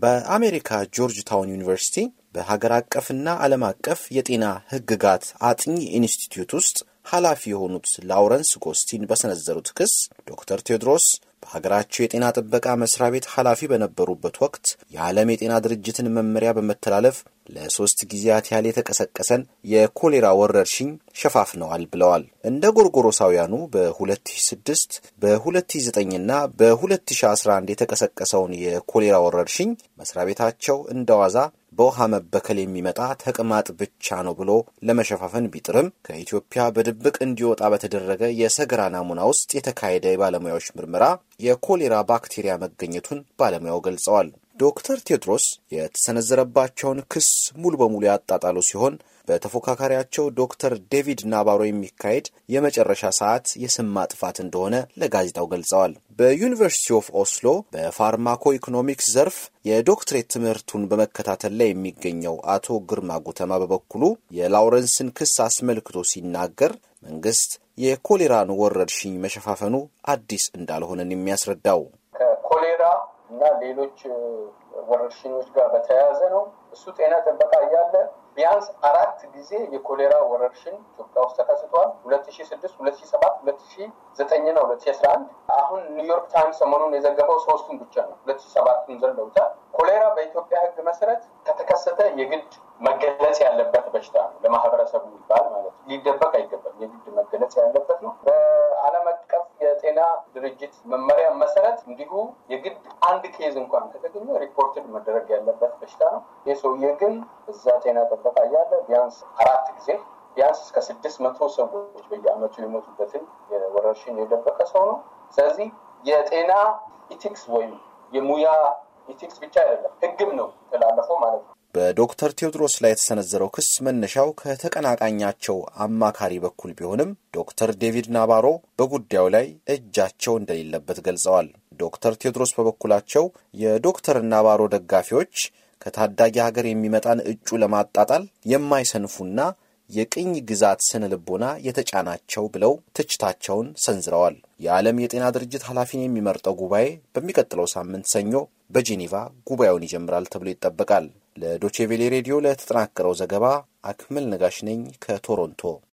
በአሜሪካ ጆርጅ ታውን ዩኒቨርሲቲ በሀገር አቀፍና ዓለም አቀፍ የጤና ሕግጋት አጥኚ ኢንስቲትዩት ውስጥ ኃላፊ የሆኑት ላውረንስ ጎስቲን በሰነዘሩት ክስ ዶክተር ቴዎድሮስ በሀገራቸው የጤና ጥበቃ መስሪያ ቤት ኃላፊ በነበሩበት ወቅት የዓለም የጤና ድርጅትን መመሪያ በመተላለፍ ለሶስት ጊዜያት ያህል የተቀሰቀሰን የኮሌራ ወረርሽኝ ሸፋፍነዋል ብለዋል። እንደ ጎርጎሮሳውያኑ በ2006 በ2009ና በ2011 የተቀሰቀሰውን የኮሌራ ወረርሽኝ መስሪያ ቤታቸው እንደ ዋዛ በውሃ መበከል የሚመጣ ተቅማጥ ብቻ ነው ብሎ ለመሸፋፈን ቢጥርም ከኢትዮጵያ በድብቅ እንዲወጣ በተደረገ የሰገራ ናሙና ውስጥ የተካሄደ የባለሙያዎች ምርመራ የኮሌራ ባክቴሪያ መገኘቱን ባለሙያው ገልጸዋል። ዶክተር ቴድሮስ የተሰነዘረባቸውን ክስ ሙሉ በሙሉ ያጣጣሉ ሲሆን በተፎካካሪያቸው ዶክተር ዴቪድ ናባሮ የሚካሄድ የመጨረሻ ሰዓት የስም ማጥፋት እንደሆነ ለጋዜጣው ገልጸዋል። በዩኒቨርሲቲ ኦፍ ኦስሎ በፋርማኮ ኢኮኖሚክስ ዘርፍ የዶክትሬት ትምህርቱን በመከታተል ላይ የሚገኘው አቶ ግርማ ጉተማ በበኩሉ የላውረንስን ክስ አስመልክቶ ሲናገር መንግስት የኮሌራን ወረርሽኝ መሸፋፈኑ አዲስ እንዳልሆነን የሚያስረዳው እና ሌሎች ወረርሽኞች ጋር በተያያዘ ነው። እሱ ጤና ጥበቃ እያለ ቢያንስ አራት ጊዜ የኮሌራ ወረርሽን ኢትዮጵያ ውስጥ ተከስቷል። ሁለት ሺ ስድስት ሁለት ሺ ሰባት ሁለት ሺ ዘጠኝ ና ሁለት ሺ አስራ አንድ አሁን ኒውዮርክ ታይምስ ሰሞኑን የዘገበው ሶስቱን ብቻ ነው። ሁለት ሺ ሰባቱን ዘለውታል። ኮሌራ በኢትዮጵያ ሕግ መሰረት ከተከሰተ የግድ መገለጽ ያለበት በሽታ ነው። ለማህበረሰቡ ይባል ማለት ሊደበቅ አይገባም። የግድ መገለጽ ያለበት ነው። በዓለም ድርጅት መመሪያ መሰረት እንዲሁ የግድ አንድ ኬዝ እንኳን ከተገኘ ሪፖርትን መደረግ ያለበት በሽታ ነው። ይህ ሰውዬ ግን እዛ ጤና ጥበቃ እያለ ቢያንስ አራት ጊዜ ቢያንስ እስከ ስድስት መቶ ሰዎች በየአመቱ የሞቱበትን የወረርሽኝ የደበቀ ሰው ነው። ስለዚህ የጤና ኢቲክስ ወይም የሙያ ኢቲክስ ብቻ አይደለም፣ ህግም ነው ተላለፈው ማለት ነው። በዶክተር ቴዎድሮስ ላይ የተሰነዘረው ክስ መነሻው ከተቀናቃኛቸው አማካሪ በኩል ቢሆንም ዶክተር ዴቪድ ናባሮ በጉዳዩ ላይ እጃቸው እንደሌለበት ገልጸዋል። ዶክተር ቴዎድሮስ በበኩላቸው የዶክተር ናባሮ ደጋፊዎች ከታዳጊ ሀገር የሚመጣን እጩ ለማጣጣል የማይሰንፉና የቅኝ ግዛት ስነ ልቦና የተጫናቸው ብለው ትችታቸውን ሰንዝረዋል። የዓለም የጤና ድርጅት ኃላፊን የሚመርጠው ጉባኤ በሚቀጥለው ሳምንት ሰኞ በጄኔቫ ጉባኤውን ይጀምራል ተብሎ ይጠበቃል። ለዶቼቬሌ ሬዲዮ ለተጠናቀረው ዘገባ አክመል ነጋሽ ነኝ ከቶሮንቶ።